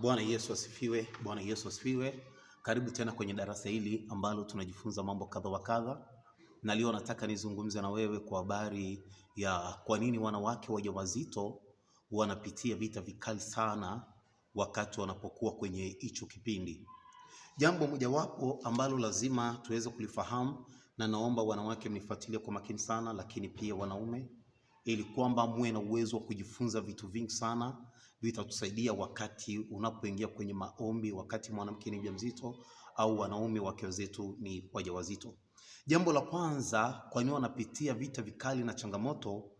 Bwana Yesu asifiwe. Bwana Yesu asifiwe. Karibu tena kwenye darasa hili ambalo tunajifunza mambo kadha wa kadha, na leo nataka nizungumze na wewe kwa habari ya kwa nini wanawake wajawazito wanapitia vita vikali sana wakati wanapokuwa kwenye hicho kipindi. Jambo mojawapo ambalo lazima tuweze kulifahamu, na naomba wanawake mnifuatilie kwa makini sana, lakini pia wanaume, ili kwamba muwe na uwezo wa kujifunza vitu vingi sana vitatusaidia wakati unapoingia kwenye maombi, wakati mwanamke ni mjamzito au wanaume wake wazetu ni wajawazito. Jambo la kwanza, kwa nini wanapitia vita vikali na changamoto?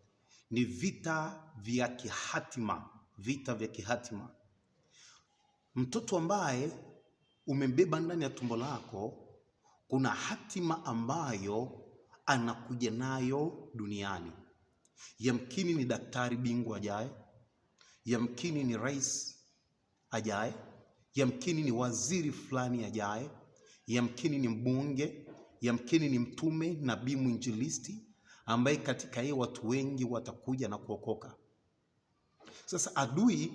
Ni vita vya kihatima, vita vya kihatima. Mtoto ambaye umembeba ndani ya tumbo lako, kuna hatima ambayo anakuja nayo duniani. Yamkini ni daktari bingwa ajaye yamkini ni rais ajaye, yamkini ni waziri fulani ajaye, yamkini ni mbunge, yamkini ni mtume, nabii, mwinjilisti ambaye katika yeye watu wengi watakuja na kuokoka. Sasa adui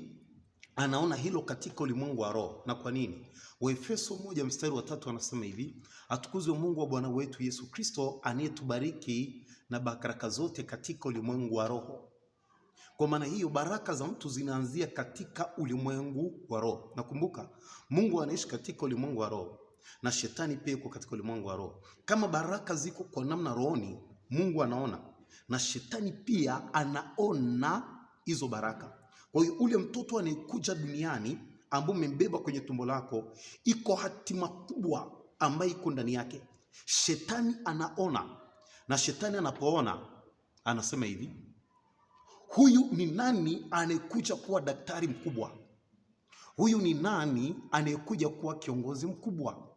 anaona hilo katika ulimwengu wa roho. Na kwa nini? Waefeso moja mstari wa tatu anasema hivi, atukuzwe Mungu wa Bwana wetu Yesu Kristo, anayetubariki na baraka zote katika ulimwengu wa roho kwa maana hiyo baraka za mtu zinaanzia katika ulimwengu wa roho. Nakumbuka Mungu anaishi katika ulimwengu wa roho na shetani pia yuko katika ulimwengu wa roho. Kama baraka ziko kwa namna rohoni, Mungu anaona na shetani pia anaona hizo baraka. Kwa hiyo ule mtoto anayekuja duniani ambao umembeba kwenye tumbo lako, iko hatima kubwa ambayo iko ndani yake. Shetani anaona, na shetani anapoona anasema hivi huyu ni nani anayekuja kuwa daktari mkubwa? Huyu ni nani anayekuja kuwa kiongozi mkubwa?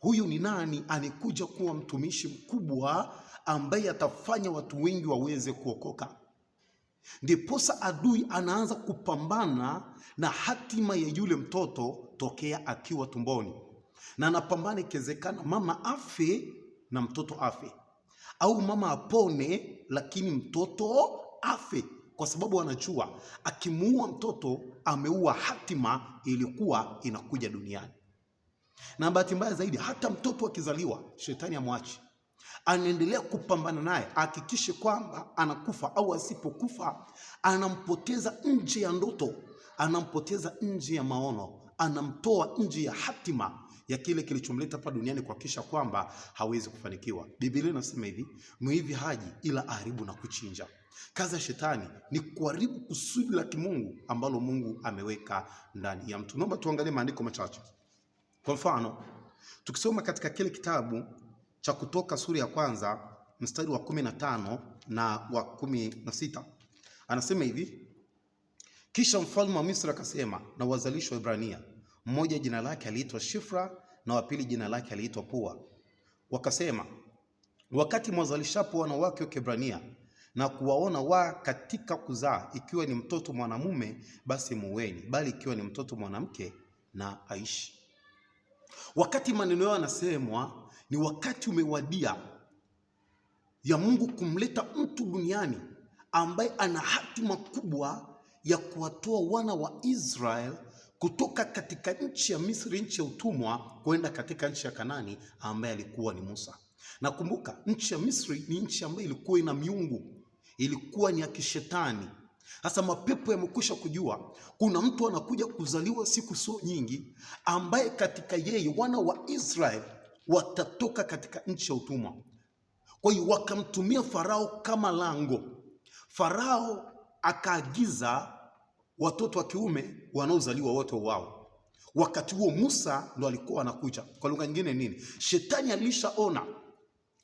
Huyu ni nani anayekuja kuwa mtumishi mkubwa ambaye atafanya watu wengi waweze kuokoka? Ndiposa adui anaanza kupambana na hatima ya yule mtoto tokea akiwa tumboni, na anapambana, ikiwezekana mama afe na mtoto afe, au mama apone lakini mtoto afe kwa sababu anajua akimuua mtoto ameua hatima ilikuwa inakuja duniani. Na bahati mbaya zaidi, hata mtoto akizaliwa, shetani amwachi, anaendelea kupambana naye, ahakikishe kwamba anakufa au asipokufa, anampoteza nje ya ndoto, anampoteza nje ya maono, anamtoa nje ya hatima ya kile kilichomleta hapa duniani kuhakikisha kwamba hawezi kufanikiwa. Biblia inasema hivi, mwivi haji ila aharibu na kuchinja. Kazi ya shetani ni kuharibu kusudi la kimungu ambalo Mungu ameweka ndani ya mtu. Naomba tuangalie maandiko machache. Kwa mfano, tukisoma katika kile kitabu cha Kutoka sura ya kwanza mstari wa kumi na tano na wa kumi na sita anasema hivi: kisha mfalme wa Misri akasema na wazalishi wa Ibrania, mmoja jina lake aliitwa Shifra na wa pili jina lake aliitwa Pua, wakasema wakati mwazalishapo wanawake wa Kiebrania na kuwaona wa katika kuzaa, ikiwa ni mtoto mwanamume basi muweni, bali ikiwa ni mtoto mwanamke na aishi. Wakati maneno yao yanasemwa, ni wakati umewadia ya Mungu kumleta mtu duniani ambaye ana hatima kubwa ya kuwatoa wana wa Israeli kutoka katika nchi ya Misri, nchi ya utumwa, kwenda katika nchi ya Kanani ambaye alikuwa ni Musa. Nakumbuka nchi ya Misri ni nchi ambayo ilikuwa ina miungu ilikuwa ni ya kishetani. Sasa mapepo yamekwisha kujua kuna mtu anakuja kuzaliwa siku sio nyingi, ambaye katika yeye wana wa Israeli watatoka katika nchi ya utumwa. Kwa hiyo wakamtumia Farao kama lango. Farao akaagiza watoto wa kiume wanaozaliwa wote wao Wakati huo Musa ndo alikuwa anakuja. Kwa lugha nyingine nini? Shetani alishaona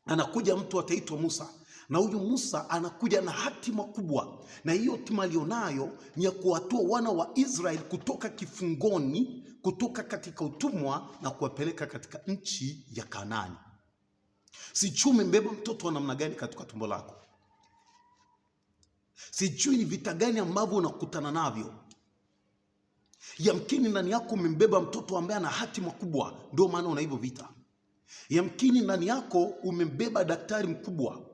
anakuja mtu ataitwa Musa, na huyu Musa anakuja na hatima kubwa, na hiyo hatima aliyonayo ni ya kuwatoa wana wa Israeli kutoka kifungoni, kutoka katika utumwa na kuwapeleka katika nchi ya Kanaani. Sijui umembeba mtoto wa namna gani katika tumbo lako, sijui ni vita gani ambavyo unakutana navyo. Yamkini ndani yako umembeba mtoto ambaye ana hatima kubwa, ndio maana una hivyo vita. Yamkini ndani yako umembeba daktari mkubwa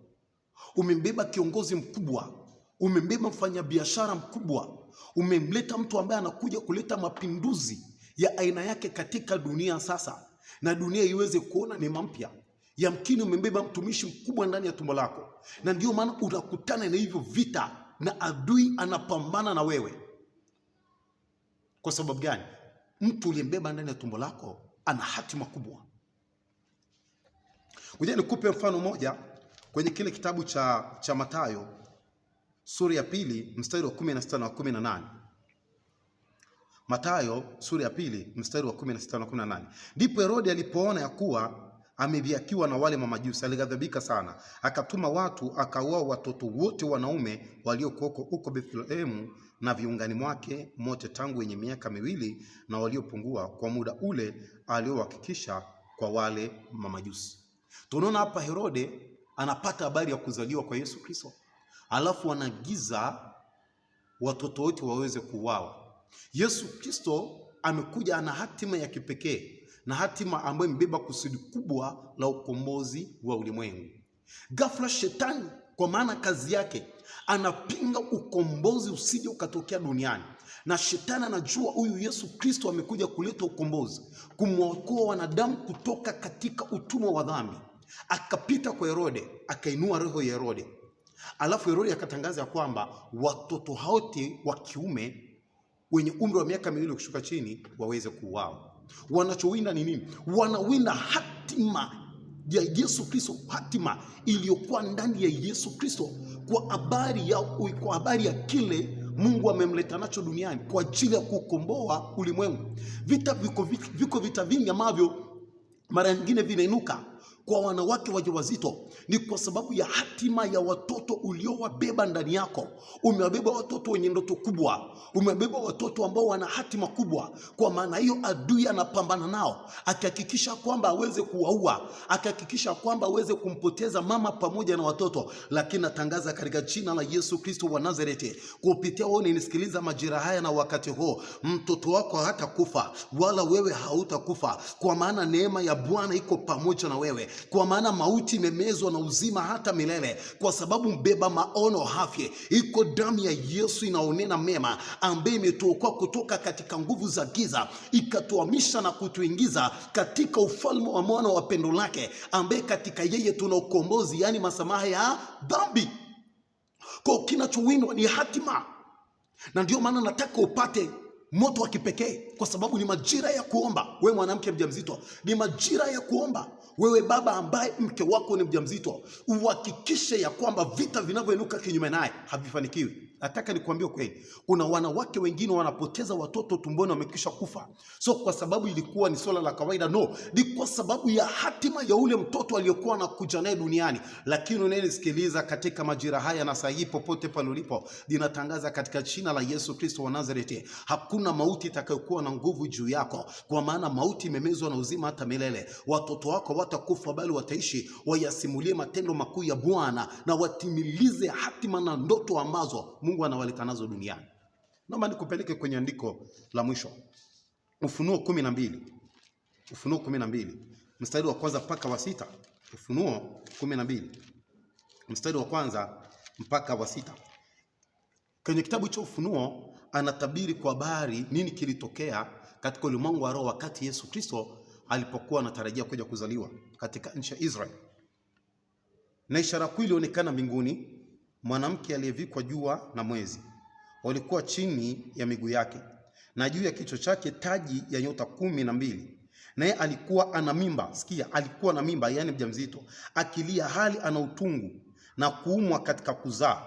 Umembeba kiongozi mkubwa, umembeba mfanyabiashara mkubwa, umemleta mtu ambaye anakuja kuleta mapinduzi ya aina yake katika dunia sasa, na dunia iweze kuona neema mpya. Yamkini umembeba mtumishi mkubwa ndani ya tumbo lako, na ndiyo maana utakutana na hivyo vita, na adui anapambana na wewe. Kwa sababu gani? Mtu uliyembeba ndani ya tumbo lako ana hatima kubwa. Ngoja nikupe mfano mmoja kwenye kile kitabu cha, cha Mathayo sura ya pili mstari wa 16 na 18. Mathayo sura ya pili mstari wa 16 na 18. Ndipo Herode alipoona ya kuwa ameviakiwa na wale mamajusi, alighadhabika sana, akatuma watu akaua watoto wote wanaume waliokuwako huko Bethlehemu na viungani mwake mote tangu wenye miaka miwili na waliopungua, kwa muda ule aliohakikisha kwa wale mamajusi. Tunaona hapa Herode anapata habari ya kuzaliwa kwa Yesu Kristo, alafu anagiza watoto wote waweze kuuawa. Yesu Kristo amekuja, ana hatima ya kipekee na hatima ambayo imebeba kusudi kubwa la ukombozi wa ulimwengu. Ghafla shetani, kwa maana kazi yake anapinga ukombozi usije ukatokea duniani, na shetani anajua huyu Yesu Kristo amekuja kuleta ukombozi, kumwokoa wanadamu kutoka katika utumwa wa dhambi akapita kwa Herode, akainua roho ya Herode, alafu Herode akatangaza ya kwamba watoto wote wa kiume wenye umri wa miaka miwili kushuka chini waweze kuuawa. Wanachowinda ni nini? Wanawinda hatima ya Yesu Kristo, hatima iliyokuwa ndani ya Yesu Kristo kwa habari ya, kwa habari ya kile Mungu amemleta nacho duniani kwa ajili ya kukomboa ulimwengu. Vita viko, viko vita vingi ambavyo mara nyingine vinainuka kwa wanawake wajawazito ni kwa sababu ya hatima ya watoto uliowabeba ndani yako. Umewabeba watoto wenye ndoto kubwa, umewabeba watoto ambao wana hatima kubwa. Kwa maana hiyo, adui anapambana nao, akihakikisha kwamba aweze kuwaua, akihakikisha kwamba aweze kumpoteza mama pamoja na watoto. Lakini natangaza katika jina la Yesu Kristo wa Nazareti, kupitia wewe unanisikiliza majira haya na wakati huu, mtoto wako hatakufa wala wewe hautakufa, kwa maana neema ya Bwana iko pamoja na wewe kwa maana mauti imemezwa na uzima hata milele, kwa sababu mbeba maono hafye. Iko damu ya Yesu inaonena mema, ambaye imetuokoa kutoka katika nguvu za giza, ikatuhamisha na kutuingiza katika ufalme wa mwana wa pendo lake, ambaye katika yeye tuna ukombozi, yaani masamaha ya dhambi. Kwa kinachowindwa ni hatima, na ndio maana nataka upate moto wa kipekee, kwa sababu ni majira ya kuomba. Wewe mwanamke mjamzito, ni majira ya kuomba. Wewe baba ambaye mke wako ni mjamzito, uhakikishe ya kwamba vita vinavyoinuka kinyume naye havifanikiwi. Nataka nikuambie kweli, kuna wanawake wengine wanapoteza watoto tumboni, wamekisha kufa. So kwa sababu ilikuwa ni swala la kawaida? No, ni kwa sababu ya hatima ya ule mtoto aliyokuwa anakuja naye duniani. Lakini unayenisikiliza katika majira haya na saa hii, popote pale ulipo, ninatangaza katika jina la Yesu Kristo wa Nazareti, hakuna mauti itakayokuwa na nguvu juu yako, kwa maana mauti imemezwa na uzima hata milele. Watoto wako watakufa, bali wataishi, wayasimulie matendo makuu ya Bwana na watimilize hatima na ndoto ambazo Mungu Mungu nazo duniani. Naomba nikupeleke kwenye andiko la mwisho Ufunuo kumi na mbili Ufunuo kumi na mbili mstari wa kwanza mpaka wa sita Ufunuo kumi na mbili mstari wa kwanza mpaka wa sita Kwenye kitabu cha Ufunuo anatabiri kwa habari nini kilitokea katika ulimwengu wa roho wakati Yesu Kristo alipokuwa anatarajia kuja kuzaliwa katika nchi ya Israeli, na ishara kuu ilionekana mbinguni mwanamke aliyevikwa jua na mwezi walikuwa chini ya miguu yake, na juu ya kichwa chake taji ya nyota kumi na mbili. Naye alikuwa ana mimba, sikia, alikuwa na mimba, yaani mjamzito, akilia hali ana utungu na kuumwa katika kuzaa.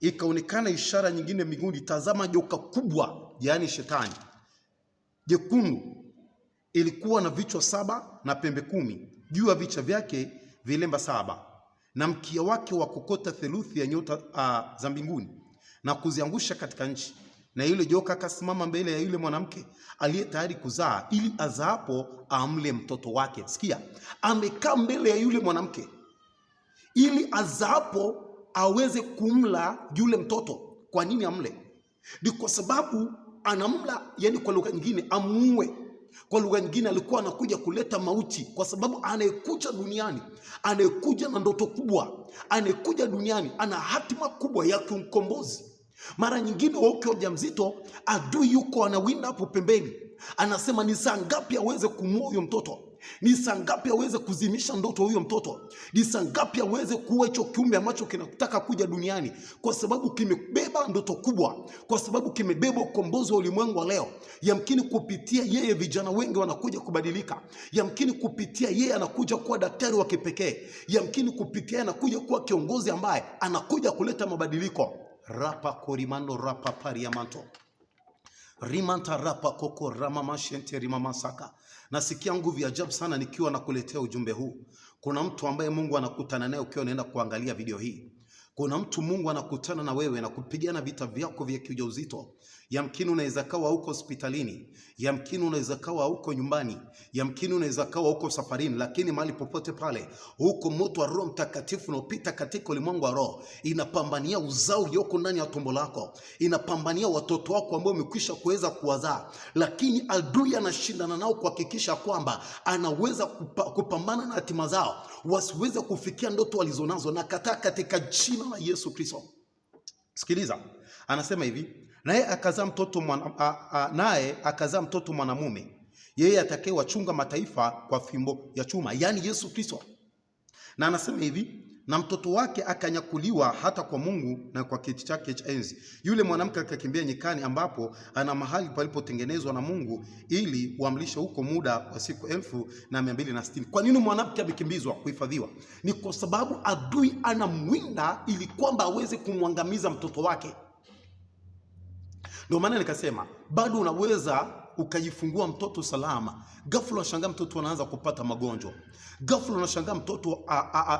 Ikaonekana ishara nyingine mbinguni, tazama joka kubwa, yaani shetani, jekundu ilikuwa na vichwa saba na pembe kumi, juu ya vichwa vyake vilemba saba na mkia wake wa kokota theluthi ya nyota uh, za mbinguni na kuziangusha katika nchi, na yule joka akasimama mbele ya yule mwanamke aliye tayari kuzaa, ili azaapo amle mtoto wake. Sikia, amekaa mbele ya yule mwanamke ili azaapo aweze kumla yule mtoto. Kwa nini amle? Ni kwa sababu anamla, yani kwa lugha nyingine, amuue kwa lugha nyingine, alikuwa anakuja kuleta mauti, kwa sababu anayekuja duniani, anayekuja na ndoto kubwa, anayekuja duniani ana hatima kubwa ya kiukombozi. Mara nyingine wewe ukiwa mjamzito, adui yuko anawinda hapo pembeni, anasema ni saa ngapi aweze kumua huyo mtoto ni saa ngapi aweze kuzimisha ndoto huyo mtoto? Ni saa ngapi aweze kuwa hicho kiumbe ambacho kinataka kuja duniani, kwa sababu kimebeba ndoto kubwa, kwa sababu kimebeba ukombozi wa ulimwengu wa leo. Yamkini kupitia yeye vijana wengi wanakuja kubadilika. Yamkini kupitia yeye anakuja kuwa daktari wa kipekee. Yamkini kupitia yeye anakuja kuwa kiongozi ambaye anakuja kuleta mabadiliko. rapa korimano rapa pariamanto rimanta rapa koko ramamashente rimamasaka Nasikia nguvu ya ajabu sana nikiwa nakuletea ujumbe huu. Kuna mtu ambaye Mungu anakutana naye ukiwa unaenda kuangalia video hii. Kuna mtu Mungu anakutana na wewe na kupigana vita vyako vya kiujauzito. Yamkini unaweza kawa huko hospitalini, yamkini unaweza kawa huko nyumbani, yamkini unaweza kawa huko safarini, lakini mahali popote pale, huko moto wa Roho Mtakatifu unaopita katika ulimwengu wa roho inapambania uzao ulioko ndani ya tumbo lako, inapambania watoto wako ambao umekwisha kuweza kuwazaa, lakini adui anashindana nao kuhakikisha kwamba anaweza kupa, kupambana na hatima zao, wasiweze kufikia ndoto walizonazo. Nakataa katika jina la Yesu Kristo. Sikiliza, anasema hivi naye akazaa mtoto naye akazaa mtoto mwanamume, yeye atakayewachunga mataifa kwa fimbo ya chuma, yaani Yesu Kristo. Na anasema hivi, na mtoto wake akanyakuliwa hata kwa Mungu na kwa kiti chake cha enzi. Yule mwanamke akakimbia nyikani, ambapo ana mahali palipotengenezwa na Mungu ili wamlishe huko muda wa siku elfu na mia mbili na sitini. Kwa nini mwanamke amekimbizwa kuhifadhiwa? Ni kwa sababu adui anamwinda ili kwamba aweze kumwangamiza mtoto wake. Ndio maana nikasema bado unaweza ukajifungua mtoto salama, ghafla unashangaa mtoto anaanza kupata magonjwa, ghafla unashangaa mtoto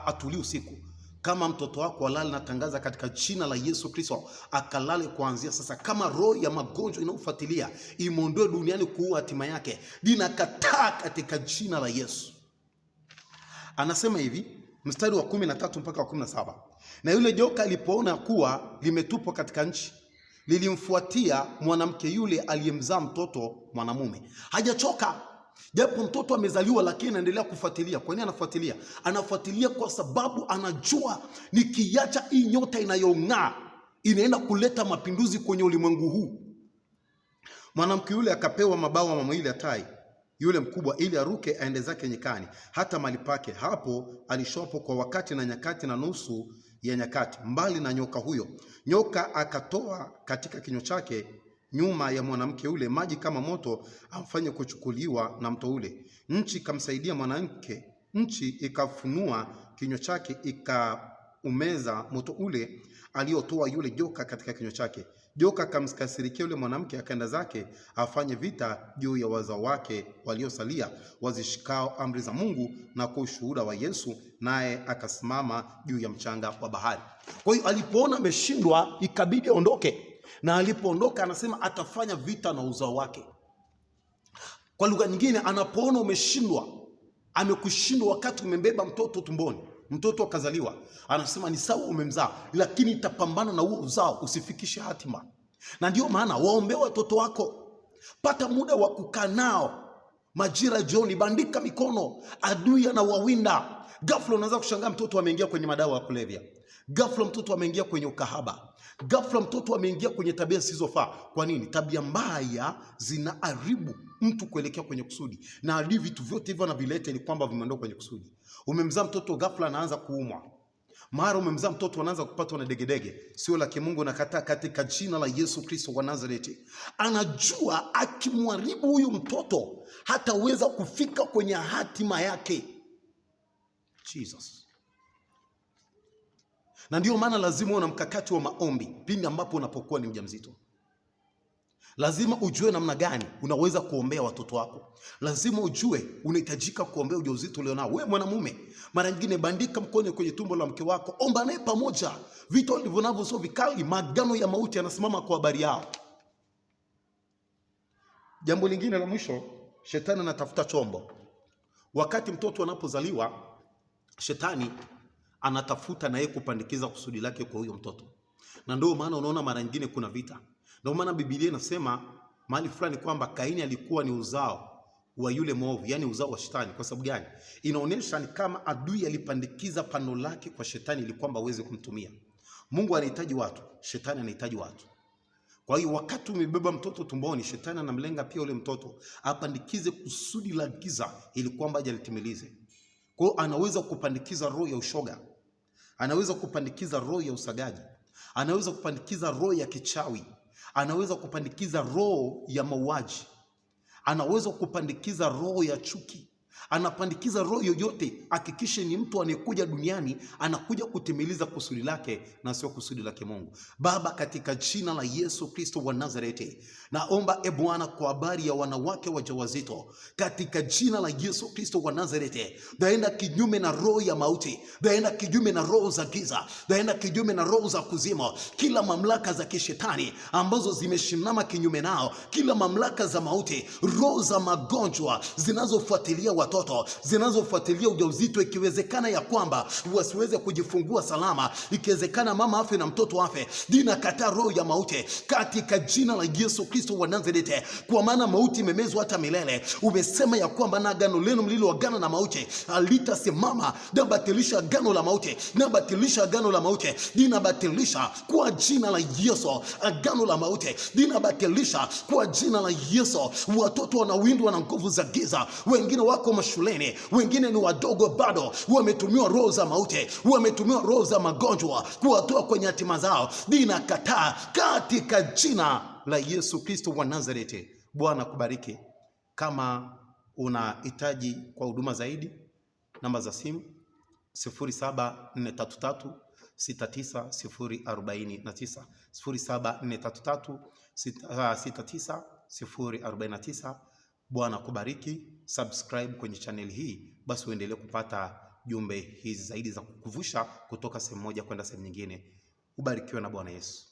atulii usiku. Kama mtoto wako alale, natangaza katika jina la Yesu Kristo, akalale kuanzia sasa. Kama roho ya magonjwa inayofuatilia imwondoe duniani kuua hatima yake, ninakataa katika jina la Yesu. Anasema hivi mstari wa kumi na tatu mpaka wa kumi na saba na yule joka alipoona kuwa limetupwa katika nchi lilimfuatia mwanamke yule aliyemzaa mtoto mwanamume. Hajachoka japo mtoto amezaliwa, lakini anaendelea kufuatilia. Kwa nini anafuatilia? Anafuatilia kwa sababu anajua nikiacha hii nyota inayong'aa inaenda kuleta mapinduzi kwenye ulimwengu huu. Mwanamke yule akapewa mabawa mawili ya tai yule mkubwa, ili aruke aende zake nyikani, hata mali pake. Hapo alishopo kwa wakati na nyakati na nusu ya nyakati, mbali na nyoka huyo. Nyoka akatoa katika kinywa chake nyuma ya mwanamke ule maji kama moto, amfanye kuchukuliwa na mto ule. Nchi ikamsaidia mwanamke, nchi ikafunua kinywa chake, ikaumeza moto ule aliotoa yule joka katika kinywa chake. Joka akamkasirikia yule mwanamke, akaenda zake afanye vita juu ya wazao wake waliosalia, wazishikao amri za Mungu na kwa ushuhuda wa Yesu, naye akasimama juu ya mchanga wa bahari. Kwa hiyo alipoona ameshindwa, ikabidi aondoke, na alipoondoka, anasema atafanya vita na uzao wake. Kwa lugha nyingine, anapoona umeshindwa, amekushindwa wakati umembeba mtoto tumboni Mtoto akazaliwa, anasema ni sawa umemzaa, lakini tapambana na huo uzao usifikishe hatima. Na ndio maana waombea watoto wako, pata muda wa kukaa nao majira jioni, bandika mikono, adui anawawinda. Ghafla unaweza kushangaa mtoto ameingia kwenye madawa ya kulevya, ghafla mtoto ameingia kwenye ukahaba, Ghafla mtoto ameingia kwenye tabia zisizofaa. Kwa nini? Tabia mbaya zinaharibu mtu kuelekea kwenye kusudi, na hadi vitu vyote hivyo anavileta ni kwamba vimeondoka kwenye kusudi. Umemzaa mtoto ghafla anaanza kuumwa, mara umemzaa mtoto anaanza kupatwa na degedege, sio la kimungu. Nakataa katika jina la Yesu Kristo wa Nazareti. Anajua akimwharibu huyu mtoto hataweza kufika kwenye hatima yake. Jesus na ndio maana lazima uwe na mkakati wa maombi pindi ambapo unapokuwa ni mjamzito. Lazima ujue namna gani unaweza kuombea watoto wako. Lazima ujue unahitajika kuombea ujauzito ulionao wewe mwanamume. Mara nyingine bandika mkono kwenye tumbo la mke wako, omba naye pamoja. Vitu Vita navyo sio vikali, magano ya mauti yanasimama kwa habari yao. Jambo lingine la mwisho, shetani anatafuta chombo. Wakati mtoto anapozaliwa, shetani anatafuta na yeye kupandikiza kusudi lake kwa huyo mtoto, na ndio maana unaona mara nyingine kuna vita. Ndio maana Biblia inasema mahali fulani kwamba Kaini alikuwa ni uzao wa yule mwovu, yani uzao wa shetani. Kwa sababu gani? Inaonyesha ni kama adui alipandikiza pano lake kwa shetani ili kwamba aweze kumtumia. Mungu anahitaji watu, shetani anahitaji watu. Kwa hiyo wakati umebeba mtoto tumboni, shetani anamlenga pia ule mtoto apandikize kusudi la giza ili kwamba ajalitimilize. Kwa hiyo anaweza kupandikiza roho ya ushoga anaweza kupandikiza roho ya usagaji, anaweza kupandikiza roho ya kichawi, anaweza kupandikiza roho ya mauaji, anaweza kupandikiza roho ya chuki, anapandikiza roho yoyote. Hakikishe ni mtu anayekuja duniani anakuja kutimiliza kusudi lake na sio kusudi lake Mungu. Baba, katika jina la Yesu Kristo wa Nazareti, naomba e Bwana kwa habari ya wanawake wajawazito, katika jina la Yesu Kristo wa Nazareti, naenda kinyume na roho ya mauti, naenda kinyume na roho za giza, naenda kinyume na roho za kuzima, kila mamlaka za kishetani ambazo zimeshimama kinyume nao, kila mamlaka za mauti, roho za magonjwa zinazofuatilia watu watoto zinazofuatilia ujauzito, ikiwezekana ya kwamba wasiweze kujifungua salama, ikiwezekana mama afe na mtoto afe. Ninakataa roho ya mauti katika jina la Yesu Kristo wa Nazareti, kwa maana mauti imemezwa hata milele. Umesema ya kwamba na agano lenu mliloagana na mauti alitasimama. Nabatilisha agano la mauti, nabatilisha agano la mauti, ninabatilisha kwa jina la Yesu agano la mauti, ninabatilisha kwa jina la Yesu. Watoto wanawindwa na nguvu za giza, wengine wako shuleni, wengine ni wadogo bado, wametumiwa roho za mauti, wametumiwa roho za magonjwa kuwatoa kwenye hatima zao. Ninakataa katika jina la Yesu Kristo wa Nazareti. Bwana kubariki. Kama unahitaji kwa huduma zaidi, namba za simu 07433 69049 07433 69049 Bwana kubariki. Subscribe kwenye channel hii basi uendelee kupata jumbe hizi zaidi za kukuvusha kutoka sehemu moja kwenda sehemu nyingine. Ubarikiwe na Bwana Yesu.